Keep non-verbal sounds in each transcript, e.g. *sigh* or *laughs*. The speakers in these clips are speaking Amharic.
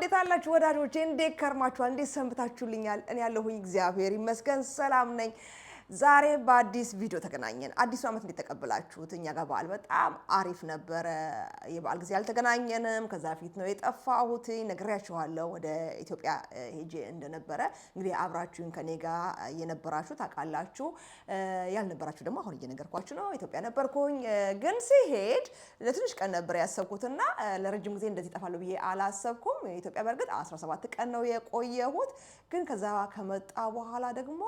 እንዴት አላችሁ ወዳጆቼ? እንዴት ከርማችኋል? እንዴት ሰንብታችሁልኛል? እኔ ያለሁኝ እግዚአብሔር ይመስገን ሰላም ነኝ። ዛሬ በአዲስ ቪዲዮ ተገናኘን። አዲሱ ዓመት እንዴት ተቀብላችሁት? እኛ ጋር በዓል በጣም አሪፍ ነበረ። የበዓል ጊዜ አልተገናኘንም። ከዛ ፊት ነው የጠፋሁት። ነግሬያችኋለሁ ወደ ኢትዮጵያ ሄጄ እንደነበረ። እንግዲህ አብራችሁን ከኔ ጋር የነበራችሁ ታውቃላችሁ። ያልነበራችሁ ደግሞ አሁን እየነገርኳችሁ ነው። ኢትዮጵያ ነበርኩኝ። ግን ሲሄድ ለትንሽ ቀን ነበር ያሰብኩትና ለረጅም ጊዜ እንደዚህ እጠፋለሁ ብዬ አላሰብኩም። ኢትዮጵያ በእርግጥ 17 ቀን ነው የቆየሁት። ግን ከዛ ከመጣ በኋላ ደግሞ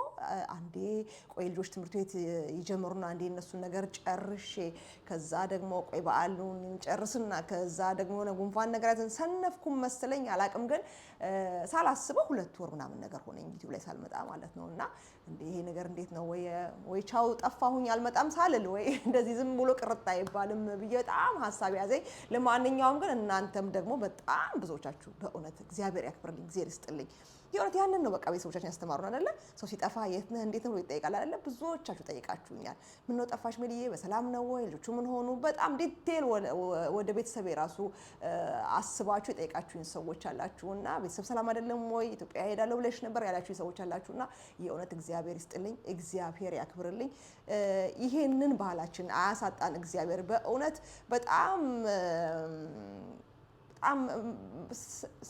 አንዴ ቆይ ልጆች ትምህርት ቤት ይጀምሩና እንዴ እነሱን ነገር ጨርሼ ከዛ ደግሞ ቆይ በዓሉን ጨርስና ከዛ ደግሞ የሆነ ጉንፋን ነገራትን ሰነፍኩም መሰለኝ አላቅም፣ ግን ሳላስበው ሁለት ወር ምናምን ነገር ሆነኝ ዩቲዩብ ላይ ሳልመጣ ማለት ነው። እና ይሄ ነገር እንዴት ነው ወይ ቻው ጠፋሁኝ አልመጣም ሳልል ወይ እንደዚህ ዝም ብሎ ቅርጣ አይባልም ብዬ በጣም ሀሳብ ያዘኝ። ለማንኛውም ግን እናንተም ደግሞ በጣም ብዙዎቻችሁ በእውነት እግዚአብሔር ያክብርልኝ፣ እግዚአብሔር ይስጥልኝ የእውነት ያንን ነው በቃ ቤተሰቦቻችን ያስተማሩን አይደለ? ሰው ሲጠፋ የት ነህ እንዴት ነው ይጠይቃል አይደለ? ብዙዎቻችሁ ጠይቃችሁኛል። ምነው ጠፋሽ ሜልዬ በሰላም ነው ወይ ልጆቹ ምን ሆኑ? በጣም ዲቴል ወደ ቤተሰብ የራሱ አስባችሁ የጠይቃችሁኝ ሰዎች አላችሁ እና ቤተሰብ ሰላም አይደለም ወይ ኢትዮጵያ ሄዳለሁ ብለሽ ነበር ያላችሁኝ ሰዎች አላችሁ እና የእውነት እግዚአብሔር ይስጥልኝ፣ እግዚአብሔር ያክብርልኝ። ይሄንን ባህላችን አያሳጣን እግዚአብሔር በእውነት በጣም በጣም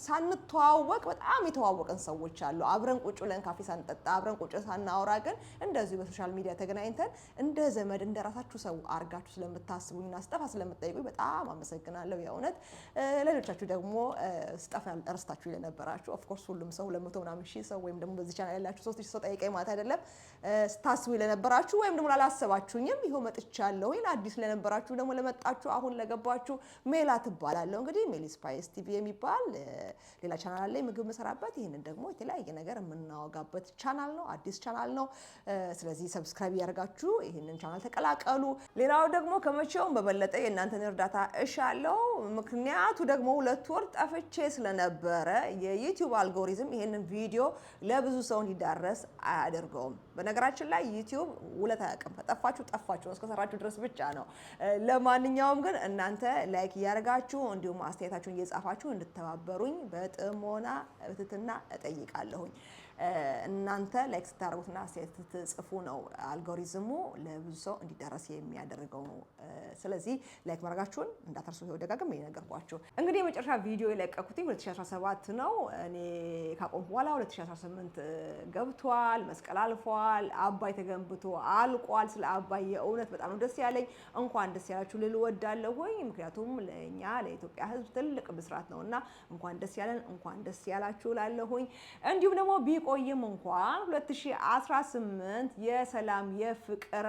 ሳንተዋወቅ በጣም የተዋወቅን ሰዎች አሉ። አብረን ቁጭ ብለን ካፌ ሳንጠጣ አብረን ቁጭ ሳናወራ ግን እንደዚሁ በሶሻል ሚዲያ ተገናኝተን እንደ ዘመድ እንደ ራሳችሁ ሰው አርጋችሁ ስለምታስቡኝና ስጠፋ ስለምጠይቁኝ በጣም አመሰግናለሁ። የእውነት ሌሎቻችሁ ደግሞ ስጠፋ ረስታችሁ ለነበራችሁ ኦፍኮርስ ሁሉም ሰው ለመቶ መቶ ምናምን ሺህ ሰው ወይም ደግሞ በዚህ ቻናል ያላችሁ ሶስት ሰው ጠይቀኝ ማለት አይደለም። ስታስቡ ለነበራችሁ ወይም ደግሞ ላላሰባችሁኝም ይኸው መጥቻለሁ። ወይ ለአዲስ ለነበራችሁ ደግሞ ለመጣችሁ አሁን ለገባችሁ ሜላ ትባላለሁ እንግዲህ ሜሊስ ስፓይስ ቲቪ የሚባል ሌላ ቻናል ላይ ምግብ መሰራበት ይህንን ደግሞ የተለያየ ነገር የምናወጋበት ቻናል ነው። አዲስ ቻናል ነው። ስለዚህ ሰብስክራይብ ያደርጋችሁ ይህንን ቻናል ተቀላቀሉ። ሌላው ደግሞ ከመቼውም በበለጠ የእናንተን እርዳታ እሻለው። ምክንያቱ ደግሞ ሁለት ወር ጠፍቼ ስለነበረ የዩቲዩብ አልጎሪዝም ይሄንን ቪዲዮ ለብዙ ሰው እንዲዳረስ አያደርገውም። በነገራችን ላይ ዩቲዩብ ውለት አያውቅም። ከጠፋችሁ ጠፋችሁ ነው፣ እስከሰራችሁ ድረስ ብቻ ነው። ለማንኛውም ግን እናንተ ላይክ እያደረጋችሁ እንዲሁም አስተያየታችሁን እየጻፋችሁ እንድተባበሩኝ በጥሞና በትህትና እጠይቃለሁኝ። እናንተ ላይክ ስታደርጉትና ስትጽፉ ነው አልጎሪዝሙ ለብዙ ሰው እንዲዳረስ የሚያደርገው ነው። ስለዚህ ላይክ ማድረጋችሁን እንዳትረሱ። ይኸው ደጋግም የነገርኳችሁ። እንግዲህ የመጨረሻ ቪዲዮ የለቀኩትኝ 2017 ነው። እኔ ካቆምኩ በኋላ 2018 ገብቷል። መስቀል አልፏል። አባይ ተገንብቶ አልቋል። ስለ አባይ የእውነት በጣም ደስ ያለኝ። እንኳን ደስ ያላችሁ ልል ወዳለሁኝ። ምክንያቱም ለእኛ ለኢትዮጵያ ሕዝብ ትልቅ ብስራት ነው እና እንኳን ደስ ያለን እንኳን ደስ ያላችሁ ላለሁኝ እንዲሁም ደግሞ ቢቆይም እንኳን 2018 የሰላም የፍቅር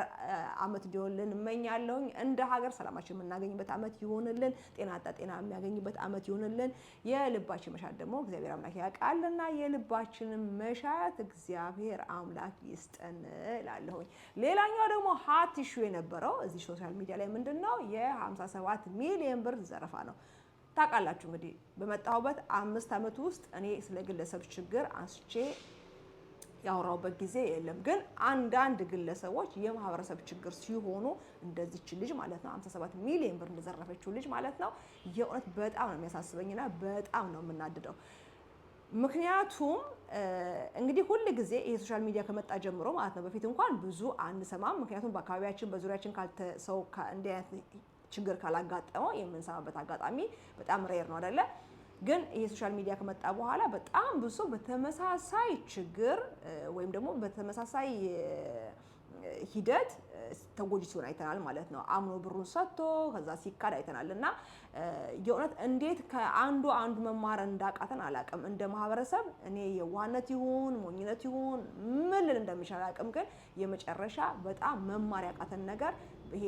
አመት እንዲሆንልን እመኛለሁኝ። እንደ ሀገር ሰላማችን የምናገኝበት አመት ይሆንልን። ጤና አጣ ጤና የሚያገኝበት አመት ይሆንልን። የልባችን መሻት ደግሞ እግዚአብሔር አምላክ ያውቃልና የልባችንን መሻት እግዚአብሔር አምላክ ይስጠን እላለሁኝ። ሌላኛው ደግሞ ሀት ኢሹ የነበረው እዚህ ሶሻል ሚዲያ ላይ ምንድን ነው የ57 ሚሊዮን ብር ዘረፋ ነው። ታውቃላችሁ እንግዲህ በመጣሁበት አምስት ዓመት ውስጥ እኔ ስለ ግለሰብ ችግር አንስቼ ያወራውበት ጊዜ የለም። ግን አንዳንድ ግለሰቦች የማህበረሰብ ችግር ሲሆኑ እንደዚች ልጅ ማለት ነው 57 ሚሊዮን ብር እንደዘረፈችው ልጅ ማለት ነው የእውነት በጣም ነው የሚያሳስበኝና በጣም ነው የምናድደው። ምክንያቱም እንግዲህ ሁል ጊዜ ይሄ ሶሻል ሚዲያ ከመጣ ጀምሮ ማለት ነው በፊት እንኳን ብዙ አንሰማም። ምክንያቱም በአካባቢያችን በዙሪያችን ካልተሰው እንዲህ አይነት ችግር ካላጋጠመው የምንሰማበት አጋጣሚ በጣም ሬር ነው አይደለ? ግን ይሄ ሶሻል ሚዲያ ከመጣ በኋላ በጣም ብዙ በተመሳሳይ ችግር ወይም ደግሞ በተመሳሳይ ሂደት ተጎጂ ሲሆን አይተናል ማለት ነው። አምኖ ብሩን ሰጥቶ ከዛ ሲካድ አይተናል። እና የእውነት እንዴት ከአንዱ አንዱ መማር እንዳቃተን አላቅም። እንደ ማህበረሰብ እኔ የዋህነት ይሁን ሞኝነት ይሁን ምን ልል እንደሚሻል አላቅም። ግን የመጨረሻ በጣም መማር ያቃተን ነገር ይሄ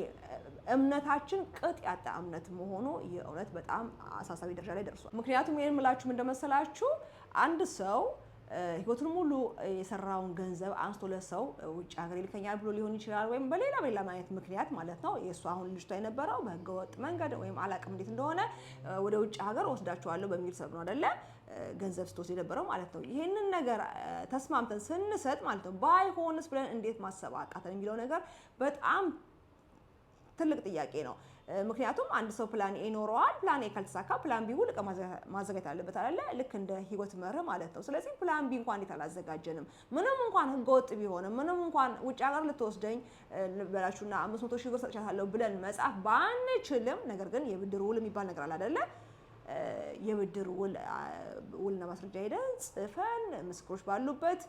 እምነታችን ቅጥ ያጣ እምነት መሆኑ የእውነት እውነት በጣም አሳሳቢ ደረጃ ላይ ደርሷል። ምክንያቱም ይህን ምላችሁ እንደመሰላችሁ አንድ ሰው ህይወቱን ሙሉ የሰራውን ገንዘብ አንስቶ ለሰው ውጭ ሀገር ይልከኛል ብሎ ሊሆን ይችላል። ወይም በሌላ በሌላ አይነት ምክንያት ማለት ነው። የእሱ አሁን ልጅቷ የነበረው በህገወጥ መንገድ ወይም አላቅም እንዴት እንደሆነ ወደ ውጭ ሀገር ወስዳችኋለሁ በሚል ሰብ ነው አደለ ገንዘብ ስትወስድ የነበረው ማለት ነው። ይህንን ነገር ተስማምተን ስንሰጥ ማለት ነው ባይሆንስ ብለን እንዴት ማሰብ አቃተን የሚለው ነገር በጣም ትልቅ ጥያቄ ነው። ምክንያቱም አንድ ሰው ፕላን ኤ ኖረዋል። ፕላን ኤ ካልተሳካ ፕላን ቢ ውልቅ ማዘጋጀት አለበት አለ። ልክ እንደ ህይወት መርህ ማለት ነው። ስለዚህ ፕላን ቢ እንኳን እንዴት አላዘጋጀንም? ምንም እንኳን ህገወጥ ቢሆንም ምንም እንኳን ውጭ ሀገር ልትወስደኝ በላችሁና አምስት መቶ ሺህ ብር ሰጥቻታለሁ ብለን መጻፍ ባንችልም፣ ነገር ግን የብድር ውል የሚባል ነገር አለ አይደለ? የብድር ውል ውልና ማስረጃ ሄደን ጽፈን ምስክሮች ባሉበት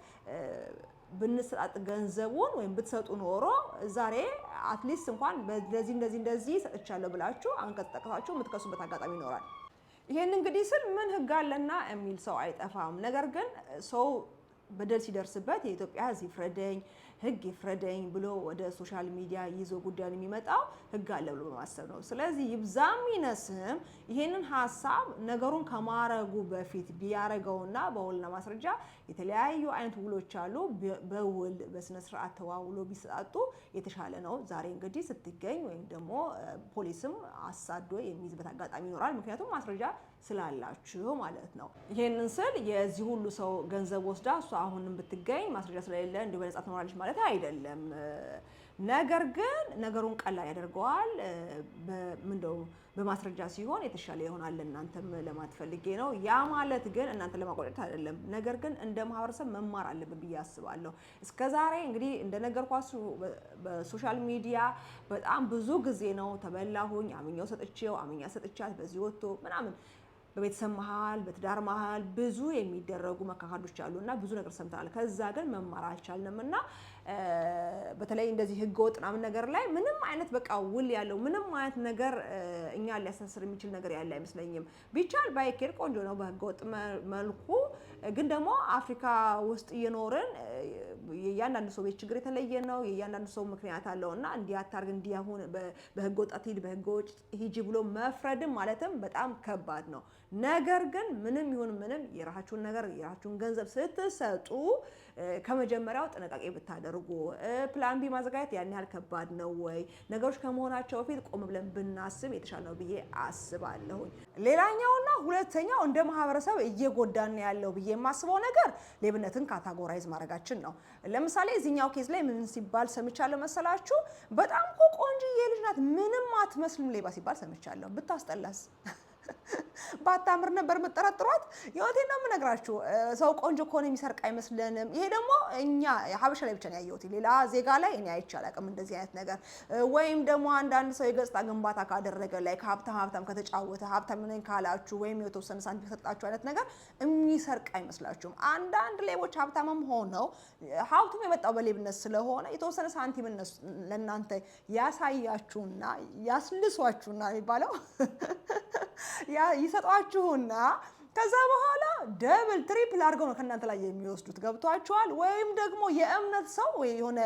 ብንስጣጥ ገንዘቡን ወይም ብትሰጡ ኖሮ ዛሬ አትሊስት እንኳን እንደዚህ እንደዚህ እንደዚህ ሰጥቻለሁ ብላችሁ አንቀጽ ጠቅሳችሁ የምትከሱበት አጋጣሚ ይኖራል። ይሄን እንግዲህ ስል ምን ህግ አለና የሚል ሰው አይጠፋም። ነገር ግን ሰው በደል ሲደርስበት የኢትዮጵያ ሕዝብ ይፍረደኝ ህግ ይፍረደኝ ብሎ ወደ ሶሻል ሚዲያ ይዞ ጉዳዩን የሚመጣው ህግ አለ ብሎ በማሰብ ነው። ስለዚህ ይብዛም ይነስም ይሄንን ሀሳብ ነገሩን ከማረጉ በፊት ቢያረገውና በውልና ማስረጃ የተለያዩ አይነት ውሎች አሉ። በውል በስነ ስርዓት ተዋውሎ ቢሰጣጡ የተሻለ ነው። ዛሬ እንግዲህ ስትገኝ ወይም ደግሞ ፖሊስም አሳዶ የሚይዝበት አጋጣሚ ይኖራል። ምክንያቱም ማስረጃ ስላላችሁ ማለት ነው። ይህንን ስል የዚህ ሁሉ ሰው ገንዘብ ወስዳ እሷ አሁንም ብትገኝ ማስረጃ ስለሌለ እንዲሁ በነጻ ትኖራለች ማለት አይደለም። ነገር ግን ነገሩን ቀላል ያደርገዋል። ምንደው በማስረጃ ሲሆን የተሻለ ይሆናል። እናንተም ለማትፈልጌ ነው። ያ ማለት ግን እናንተ ለማቆጨት አይደለም። ነገር ግን እንደ ማህበረሰብ መማር አለብን ብዬ አስባለሁ። እስከዛሬ እንግዲህ እንደነገርኳችሁ በሶሻል ሚዲያ በጣም ብዙ ጊዜ ነው ተበላሁኝ፣ አምኛው ሰጥቼው፣ አምኛ ሰጥቻት፣ በዚህ ወጥቶ ምናምን በቤተሰብ መሀል፣ በትዳር መሀል ብዙ የሚደረጉ መካካዶች አሉ እና ብዙ ነገር ሰምተናል። ከዛ ግን መማር አልቻልንም እና በተለይ እንደዚህ ህገ ወጥ ምናምን ነገር ላይ ምንም አይነት በቃ ውል ያለው ምንም አይነት ነገር እኛ ሊያሳስር የሚችል ነገር ያለ አይመስለኝም። ቢቻል ባይኬድ ቆንጆ ነው በህገ ወጥ መልኩ ግን ደግሞ አፍሪካ ውስጥ እየኖርን የእያንዳንዱ ሰው ቤት ችግር የተለየ ነው። የእያንዳንዱ ሰው ምክንያት አለው እና እንዲያታርግ እንዲያሁን በህገ ወጣት ሂድ በህገ ወጭ ሂጂ ብሎ መፍረድም ማለትም በጣም ከባድ ነው። ነገር ግን ምንም ይሁን ምንም የራሳችሁን ነገር የራሳችሁን ገንዘብ ስትሰጡ ከመጀመሪያው ጥንቃቄ ብታደርጉ፣ ፕላን ቢ ማዘጋጀት ያን ያህል ከባድ ነው ወይ ነገሮች ከመሆናቸው በፊት ቆም ብለን ብናስብ የተሻለ ነው ብዬ አስባለሁኝ። ሌላኛውና ሁለተኛው እንደ ማህበረሰብ እየጎዳን ያለው ብዬ የማስበው ነገር ሌብነትን ካታጎራይዝ ማድረጋችን ነው። ለምሳሌ እዚህኛው ኬዝ ላይ ምን ሲባል ሰምቻለሁ መሰላችሁ? በጣም እኮ ቆንጆዬ ልጅ ናት ምንም አትመስልም ሌባ ሲባል ሰምቻለሁ። ብታስጠላስ ባታምር ነበር የምጠረጥሯት። ህይወቴን ነው የምነግራችሁ። ሰው ቆንጆ ከሆነ የሚሰርቅ አይመስለንም። ይሄ ደግሞ እኛ ሀበሻ ላይ ብቻ ነው ያየሁት፣ ሌላ ዜጋ ላይ እኔ አይቼ አላውቅም እንደዚህ አይነት ነገር። ወይም ደግሞ አንዳንድ ሰው የገጽታ ግንባታ ካደረገ ላይ ከሀብታም ሀብታም ከተጫወተ ሀብታም ነኝ ካላችሁ ወይም የተወሰነ ሳንቲም ከሰጣችሁ አይነት ነገር የሚሰርቅ አይመስላችሁም። አንዳንድ ሌቦች ሀብታምም ሆነው ሀብቱም የመጣው በሌብነት ስለሆነ የተወሰነ ሳንቲም ለእናንተ ያሳያችሁና ያስልሷችሁና የሚባለው *laughs* ያ ይሰጧችሁና ከዛ በኋላ ደብል ትሪፕል አድርገው ነው ከእናንተ ላይ የሚወስዱት። ገብቷችኋል? ወይም ደግሞ የእምነት ሰው የሆነ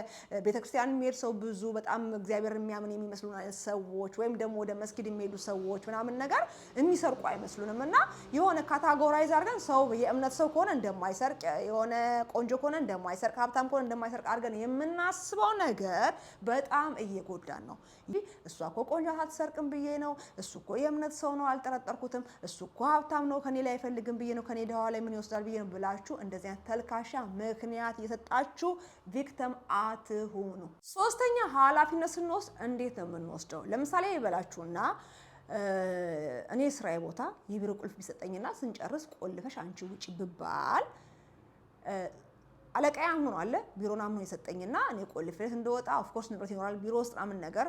ቤተክርስቲያን የሚሄድ ሰው ብዙ በጣም እግዚአብሔር የሚያምን የሚመስሉ ሰዎች ወይም ደግሞ ወደ መስጊድ የሚሄዱ ሰዎች ምናምን ነገር የሚሰርቁ አይመስሉንም እና የሆነ ካታጎራይዝ አድርገን ሰው የእምነት ሰው ከሆነ እንደማይሰርቅ፣ የሆነ ቆንጆ ከሆነ እንደማይሰርቅ፣ ሀብታም ከሆነ እንደማይሰርቅ አድርገን የምናስበው ነገር በጣም እየጎዳን ነው። እሷ እኮ ቆንጆ አትሰርቅም ብዬ ነው፣ እሱ እኮ የእምነት ሰው ነው አልጠረጠርኩትም፣ እሱ እኮ ሀብታም ነው ከኔ ላይ አይፈልግም ብዬ ነው ከኔ ደኋ ላይ ምን ይወስዳል ብዬ ነው ብላችሁ እንደዚህ አይነት ተልካሻ ምክንያት እየሰጣችሁ ቪክተም አትሁኑ። ሶስተኛ ኃላፊነት ስንወስድ እንዴት ነው የምንወስደው? ለምሳሌ ይበላችሁና እኔ ስራዬ ቦታ የቢሮ ቁልፍ ቢሰጠኝና ስንጨርስ ቆልፈሽ አንቺ ውጭ ብባል አለቃዬ አምኖ አለ ቢሮን አምኖ የሰጠኝና እኔ ቆልፌ እንደወጣ ኦፍኮርስ ንብረት ይኖራል ቢሮ ውስጥ ምናምን ነገር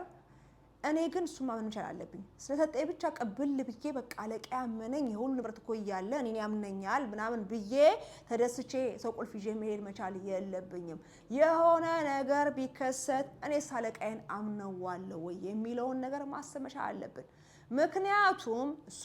እኔ ግን እሱ ማመን መቻል አለብኝ። ስለሰጠኝ ብቻ ቀብል ብዬ በቃ አለቃ ያመነኝ የሁሉ ንብረት እኮ እያለ እኔን ያምነኛል ምናምን ብዬ ተደስቼ ሰው ቁልፍ ይዤ መሄድ መቻል የለብኝም። የሆነ ነገር ቢከሰት እኔስ አለቃዬን አምነዋለሁ ወይ የሚለውን ነገር ማሰብ መቻል አለብን። ምክንያቱም እሱ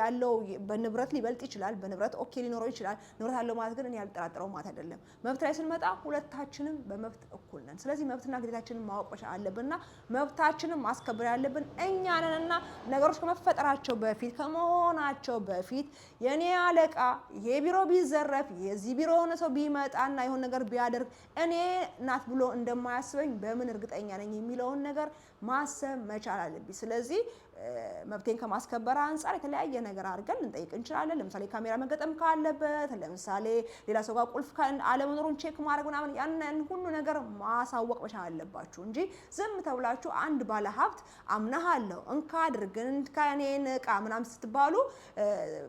ያለው በንብረት ሊበልጥ ይችላል። በንብረት ኦኬ ሊኖረው ይችላል። ንብረት አለው ማለት ግን እኔ ያልጠራጠረው ማለት አይደለም። መብት ላይ ስንመጣ ሁለታችንም በመብት እኩል ነን። ስለዚህ መብትና ግዴታችንን ማወቅ አለብንና መብታችንን ማስከበር ያለብን እኛ ነንና ነገሮች ከመፈጠራቸው በፊት ከመሆናቸው በፊት የኔ አለቃ ይሄ ቢሮ ቢዘረፍ የዚህ ቢሮ የሆነ ሰው ቢመጣና የሆነ ነገር ቢያደርግ እኔ ናት ብሎ እንደማያስበኝ በምን እርግጠኛ ነኝ የሚለውን ነገር ማሰብ መቻል አለብኝ። ስለዚህ መብቴን ከማስከበር አንጻር የተለያየ ነገር አድርገን ልንጠይቅ እንችላለን። ለምሳሌ ካሜራ መገጠም ካለበት፣ ለምሳሌ ሌላ ሰው ጋር ቁልፍ አለመኖሩን ቼክ ማድረግ ምናምን፣ ያንን ሁሉ ነገር ማሳወቅ መቻል አለባችሁ እንጂ ዝም ተብላችሁ አንድ ባለሀብት አምናሃለሁ እንካ አድርግ እንካ እቃ ምናምን ስትባሉ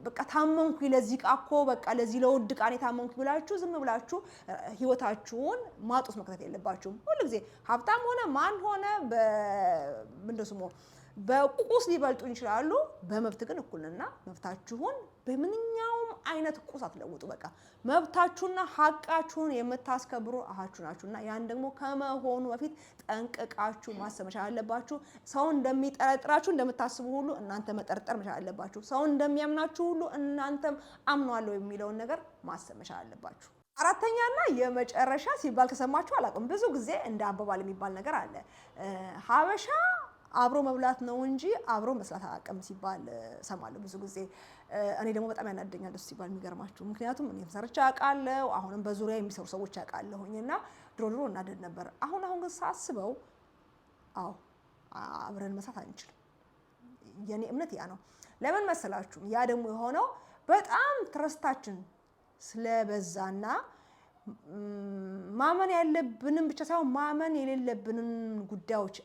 በቃ ታመንኩ ለዚህ እቃ እኮ በቃ ለዚህ ለውድ እቃ እኔ ታመንኩ ብላችሁ ዝም ብላችሁ ህይወታችሁን ማጡት መክተት የለባችሁም። ሁሉ ጊዜ ሀብታም ሆነ ማን ሆነ ምንድን ስሙ በቁስ ሊበልጡ ይችላሉ። በመብት ግን እኩልና መብታችሁን በምንኛውም አይነት ቁስ አትለውጡ። በቃ መብታችሁና ሀቃችሁን የምታስከብሩ አሃችሁ ናችሁና ያን ደግሞ ከመሆኑ በፊት ጠንቅቃችሁ ማሰብ መቻል አለባችሁ። ሰው እንደሚጠረጥራችሁ እንደምታስቡ ሁሉ እናንተ መጠርጠር መቻል አለባችሁ። ሰው እንደሚያምናችሁ ሁሉ እናንተም አምኗለሁ የሚለውን ነገር ማሰብ መቻል አለባችሁ። አራተኛና የመጨረሻ ሲባል ከሰማችሁ አላውቅም፣ ብዙ ጊዜ እንደ አባባል የሚባል ነገር አለ ሀበሻ አብሮ መብላት ነው እንጂ አብሮ መስራት አቅም ሲባል ሰማለሁ ብዙ ጊዜ። እኔ ደግሞ በጣም ያናደኛል ደስ ሲባል የሚገርማችሁ። ምክንያቱም እኔም ሰርቼ አውቃለሁ፣ አሁንም በዙሪያ የሚሰሩ ሰዎች አውቃለሁኝ። እና ድሮ ድሮ እናደድ ነበር። አሁን አሁን ግን ሳስበው፣ አዎ አብረን መስራት አንችልም። የኔ እምነት ያ ነው። ለምን መሰላችሁም ያ ደግሞ የሆነው በጣም ትረስታችን ስለበዛና ማመን ያለብንም ብቻ ሳይሆን ማመን የሌለብንን ጉዳዮች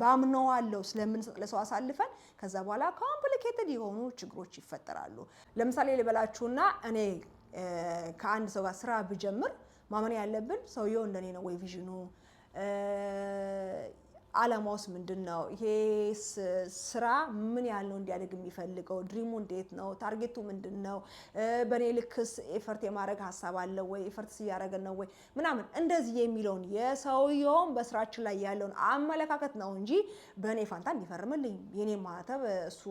በአምነዋለሁ ስለምንሰጥ ለሰው አሳልፈን ከዛ በኋላ ኮምፕሊኬትድ የሆኑ ችግሮች ይፈጠራሉ። ለምሳሌ ልበላችሁና እኔ ከአንድ ሰው ጋር ስራ ብጀምር ማመን ያለብን ሰውየው እንደኔ ነው ወይ ቪዥኑ አላማውስ ምንድን ነው? ይሄ ስራ ምን ያህል ነው እንዲያደግ የሚፈልገው? ድሪሙ እንዴት ነው? ታርጌቱ ምንድን ነው? በእኔ ልክስ ኤፈርት የማድረግ ሀሳብ አለ ወይ? ኤፈርትስ እያደረገን ነው ወይ? ምናምን እንደዚህ የሚለውን የሰውየውን በስራችን ላይ ያለውን አመለካከት ነው እንጂ በእኔ ፋንታ እንዲፈርምልኝ የኔ ማተብ እሱ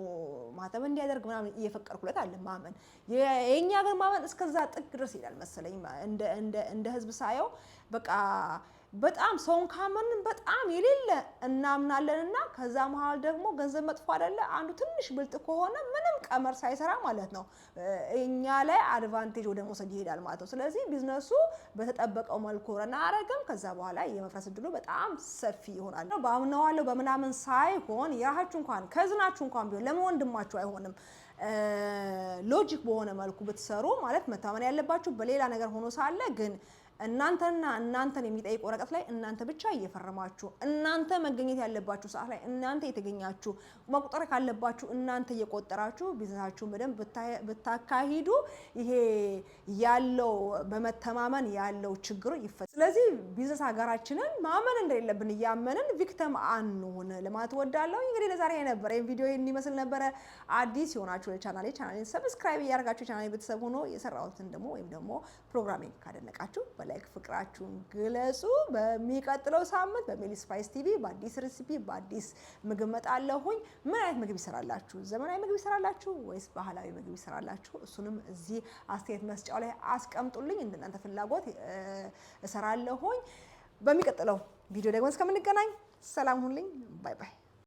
ማተብ እንዲያደርግ ምናምን እየፈቀድኩለት አለ ማመን የእኛ ግን ማመን እስከዛ ጥግ ድረስ ይላል መሰለኝ እንደ ህዝብ ሳየው በቃ በጣም ሰውን ካመንን በጣም የሌለ እናምናለንና ከዛ መሀል ደግሞ ገንዘብ መጥፎ አይደለ? አንዱ ትንሽ ብልጥ ከሆነ ምንም ቀመር ሳይሰራ ማለት ነው እኛ ላይ አድቫንቴጅ ወደ መውሰድ ይሄዳል ማለት ነው። ስለዚህ ቢዝነሱ በተጠበቀው መልኩ ረና አረገም፣ ከዛ በኋላ የመፍረስ እድሉ በጣም ሰፊ ይሆናል። በአምነዋለሁ በምናምን ሳይሆን የራሳችሁ እንኳን ከዝናችሁ እንኳን ቢሆን ለመወንድማችሁ አይሆንም ሎጂክ በሆነ መልኩ ብትሰሩ ማለት መታመን ያለባችሁ በሌላ ነገር ሆኖ ሳለ ግን እናንተና እናንተን የሚጠይቅ ወረቀት ላይ እናንተ ብቻ እየፈረማችሁ እናንተ መገኘት ያለባችሁ ሰዓት ላይ እናንተ የተገኛችሁ መቁጠር ካለባችሁ እናንተ እየቆጠራችሁ ቢዝነሳችሁ በደንብ ብታካሂዱ ይሄ ያለው በመተማመን ያለው ችግሩ ይፈ ስለዚህ ቢዝነስ ሀገራችንን ማመን እንደሌለብን እያመንን ቪክተም አንሁን ለማለት ወዳለሁ። እንግዲህ ለዛሬ የነበረ ቪዲዮ እንዲመስል ነበረ። አዲስ የሆናችሁ ለቻናሌ ቻናሌን ሰብስክራይብ እያደርጋችሁ ቻናሌ ቤተሰብ ሆኖ የሰራሁትን ደግሞ ወይም ደግሞ ፕሮግራሜን ካደነቃችሁ ላይክ ፍቅራችሁን ግለጹ። በሚቀጥለው ሳምንት ስፓይስ ቲቪ በአዲስ ሬሲፒ በአዲስ ምግብ መጣለሁኝ። ምን አይነት ምግብ ይሰራላችሁ? ዘመናዊ ምግብ ይሰራላችሁ ወይስ ባህላዊ ምግብ ይሰራላችሁ? እሱንም እዚህ አስተያየት መስጫው ላይ አስቀምጡልኝ። እንደናንተ ፍላጎት እሰራለሁኝ። በሚቀጥለው ቪዲዮ ደግሞ እስከምንገናኝ ሰላም ሁንልኝ። ባይ ባይ።